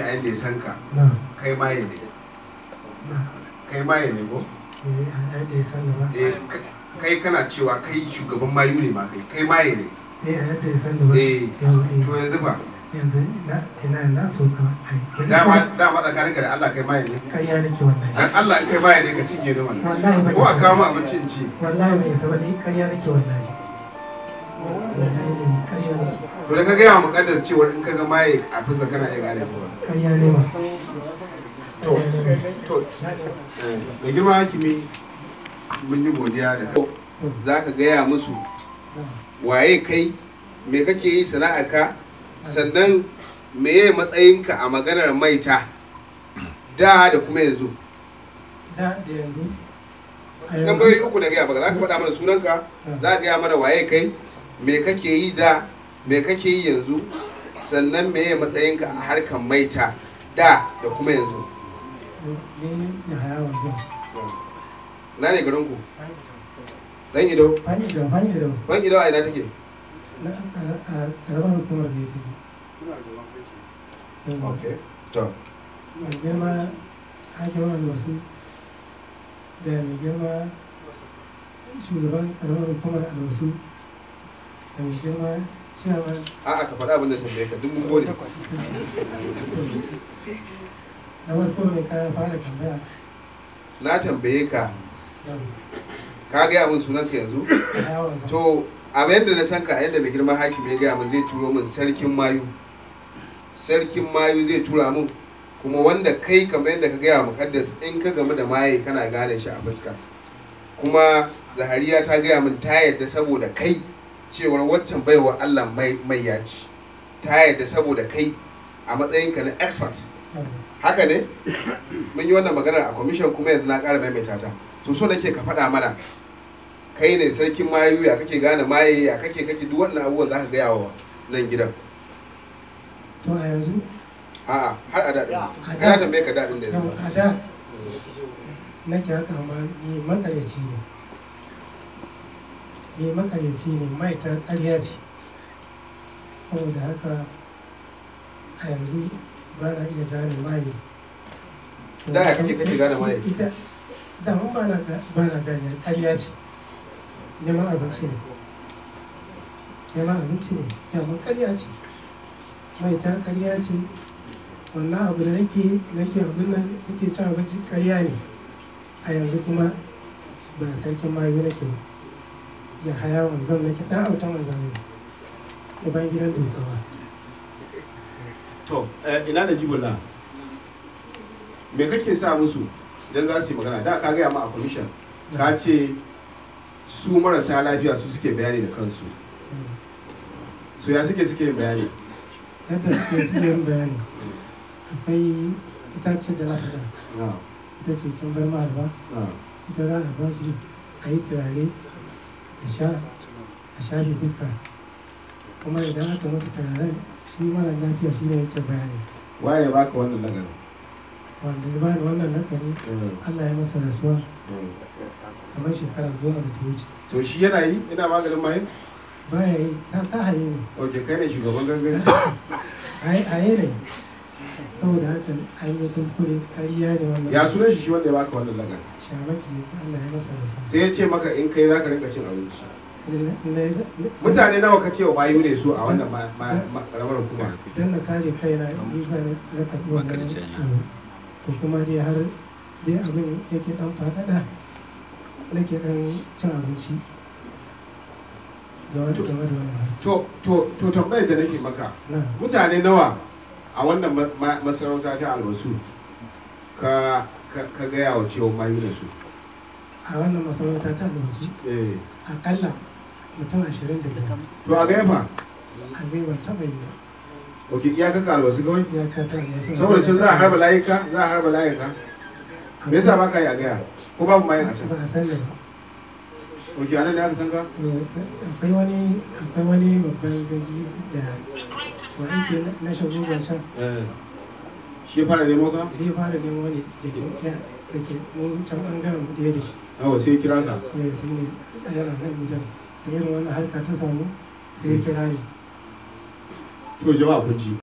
a yadda ya san ka kai ma ya ne kai ma ya ne ko eh, eh, kai kana cewa kai shugaban mayu ne ma kai kai ma ya ne eh a yadda ya san ba eh, eh to yanzu ba yanzu ina na so ka ai dama dama tsakanin ka da Allah kai ma ya ne kai ya nake wallahi Allah kai ma ya ne ka cinye ni wallahi ko a kawo mu abinci in ci wallahi bai saba ne kai ya nake wallahi wallahi kai ya nake to da ka gaya wa mukaddar cewa in ka ga maye a fuska kana iya gane ko kariya ne ba to to da eh, girma hakimi mun yi godiya da za ka gaya musu waye kai me kake yi sana'a ka sannan me meye matsayinka a maganar maita da da kuma yanzu da da yanzu tambayoyi uku na gaya ba za ka faɗa mana sunanka za ka gaya mana waye kai me kake yi da me kake yi yanzu sannan me ya matsayinka a harkar maita da da kuma yanzu na ne garin ku dan ido ban ido a ina take karamar hukumar da ya take ok to mai girma hakiman wasu da mai girma shugaban karamar hukumar alwasu da mai girma a'a ka faɗa abin da tambaye ka duk mun na farko mai ka fara tambaya na tambaye ka ka gaya min sunanka yanzu to a yadda na san ka a yadda mai girma hakim ya gaya min zai turo min sarkin mayu sarkin mayu zai tura min kuma wanda kai kamar yadda ka gaya wa muƙaddas in ka gamu da maye kana gane shi a fuska kuma zahariya ta gaya min ta yadda saboda kai cewar waccan baiwa Allah mai mai yaci ta yadda saboda kai a matsayinka na expert haka ne mun yi wannan maganar a commission kuma yanzu na ƙara maimaita ta so so nake ka faɗa mana kai ne sarkin mayu ya kake gane maye ya kake kake duk wannan abubuwan za ka gaya wa nan gidan to a yanzu a'a har a daɗin kana tambaye ka daɗin da yanzu a da nake haka ma makarici ne ne makaryaci ne mai ta karya ce saboda haka a yanzu ba na iya gane maye da ya kake kake gane maye ita da mun ba na ba na gane ce neman abinci ne ma abinci ne ya mun karya ce mai ta karya ce wannan abu da nake nake abin nan nake cin abinci karya ne a yanzu kuma ba sarkin mayu nake ba ya haya zai kiɗa ɗan auta wanzan ne bayan gidan dutawa to ina da jibulla me kake sa musu don za su yi magana da ka gaya ma a kwamishan ka ce su marasa lafiya su suke bayani da kansu su ya suke suke yin bayani yadda suke suke yin bayani akwai itace da lafiya ita ce kin bar ma ita za a ba su a yi turare a shafe fuska kuma idan aka musu turaren shi mara lafiya shi ne yake bayani waye ba ka wannan lagari wanda ya bani wannan lagari eh. allah ya masa rasuwa eh. kamar shekara goma da ta wuce to shi yana yi yana maganin mayin baya yi ta kahaye ne ok kai ne shugaban gangan a yi ne saboda haka an yi kuskure kariya ne wannan ya sunan shi shi wanda ya baka wannan lagari sai ya ce maka in kai za ka rinka cin abinci mutane nawa ka ce wa bayu ne su a wannan ramar hukuma don na kare kaina isa na karɓi wannan ko kuma dai har dai abin yake dan fakada nake dan cin abinci to to to tambayar da nake maka mutane nawa a wannan masarauta ta albasu ka ka gaya wa cewa mayu da su a wannan masarauta ta albasu eh. akalla mutum ashirin da biyar to a gaya fa a gaya ban taɓa yi ba ok iyakar ka albasu kawai iyakar ta albasu saboda can za a harba layuka za a harba layuka me yasa ba ka yi a gaya ko babu mayan a can ba a san da ba ok anan ne aka san ka eh, akwai wani akwai wani babban zagi da wa yake na shagugan can eh. shi fara nemo ka? shi eh, fara nemo ne da ke ɗaya da ke mun can ɓangaren mu ɗaya da shi awa sai kira ka? eh sai ne a yana nan gidan da irin wannan harka ta samu sai kira shi to jama'a kun ji